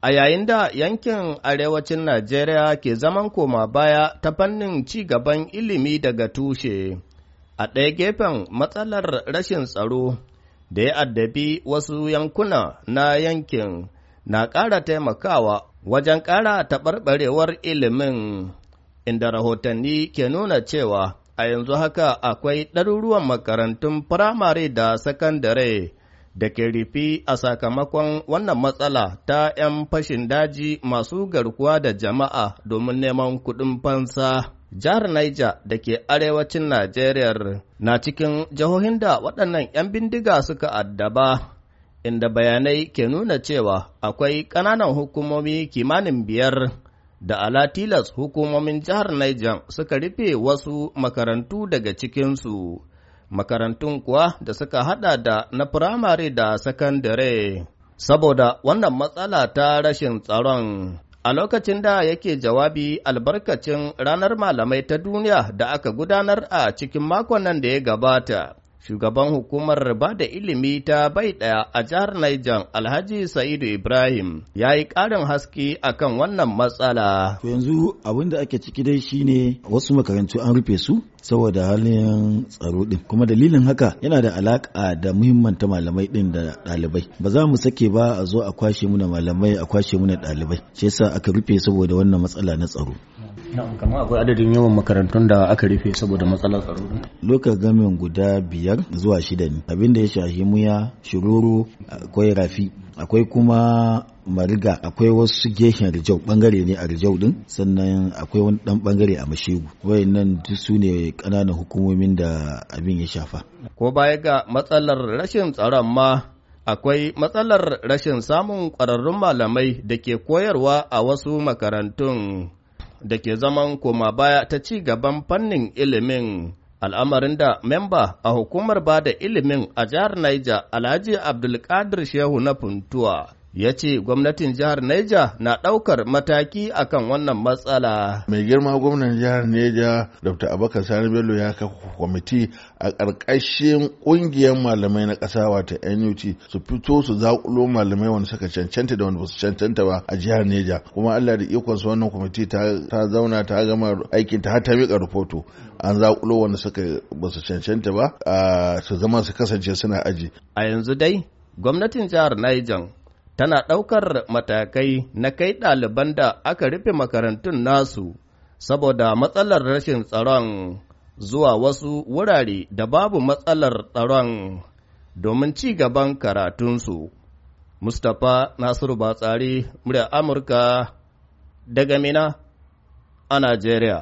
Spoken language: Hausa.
A yayin da yankin arewacin Najeriya ke zaman koma baya ta fannin ci gaban ilimi daga tushe, a ɗaya gefen matsalar rashin tsaro da ya addabi wasu yankuna na yankin na ƙara taimakawa wajen ƙara taɓarɓarewar ilimin, inda rahotanni ke nuna cewa a yanzu haka akwai ɗaruruwan makarantun firamare da sakandare da ke rufi a sakamakon wannan matsala ta 'yan fashin daji masu garkuwa da jama'a domin neman kuɗin fansa. Jihar Niger da ke arewacin Najeriya na cikin jihohin da waɗannan 'yan bindiga suka addaba, inda bayanai ke nuna cewa akwai ƙananan hukumomi kimanin biyar da alatilas hukumomin jihar Niger suka rufe wasu makarantu daga cikinsu. makarantun kuwa da suka hada da na firamare da sakandare. Saboda wannan matsala ta rashin tsaron, a lokacin da yake jawabi albarkacin ranar malamai ta duniya da aka gudanar a cikin makon nan da ya gabata. shugaban hukumar ba da ilimi ta bai ɗaya a jihar Niger Alhaji Sa'idu Ibrahim ya yi ƙarin haske akan wannan matsala. Yanzu abin da ake ciki dai shine wasu makarantu an rufe su saboda halin tsaro din kuma dalilin haka yana da alaka da muhimmanta malamai din da ɗalibai ba za mu sake ba a zo a kwashe muna malamai a kwashe muna ɗalibai shi yasa aka rufe saboda wannan matsala na tsaro kamar akwai adadin yawan makarantun da aka rufe saboda matsalar tsaro lokacin gamin guda biyar biyar zuwa shida ne abin da ya shahi muya shiruru akwai rafi akwai kuma mariga akwai wasu gehen rijau bangare ne a rijau din sannan akwai wani dan bangare a mashegu wayannan duk su ne kananan hukumomin da abin ya shafa ko baya ga matsalar rashin tsaron ma akwai matsalar rashin samun ƙwararrun malamai da ke koyarwa a wasu makarantun da ke zaman koma baya ta ci gaban fannin ilimin al'amarin da memba a hukumar ba da ilimin a jihar Niger Alhaji Abdulkadir Shehu na funtua ya ce gwamnatin jihar Neja na ɗaukar mataki akan wannan matsala. Mai girma gwamnan jihar Neja Dr. Abubakar Sani Bello ya kafa kwamiti a ƙarƙashin ƙungiyar malamai na ƙasa wata NUT su fito su zaƙulo malamai wanda suka cancanta da wanda ba su cancanta ba a jihar Neja kuma Allah da ikon su wannan kwamiti ta zauna ta gama aikin ta har ta miƙa rahoto an zaƙulo wanda suka ba su cancanta ba su zama su kasance suna aji. A yanzu dai gwamnatin jihar Niger tana ɗaukar matakai na kai ɗaliban da aka rufe makarantun nasu saboda matsalar rashin tsaron zuwa wasu wurare da babu matsalar tsaron domin ci gaban karatunsu. Mustapha Nasiru Batsari, murya Amurka daga Mina a Najeriya.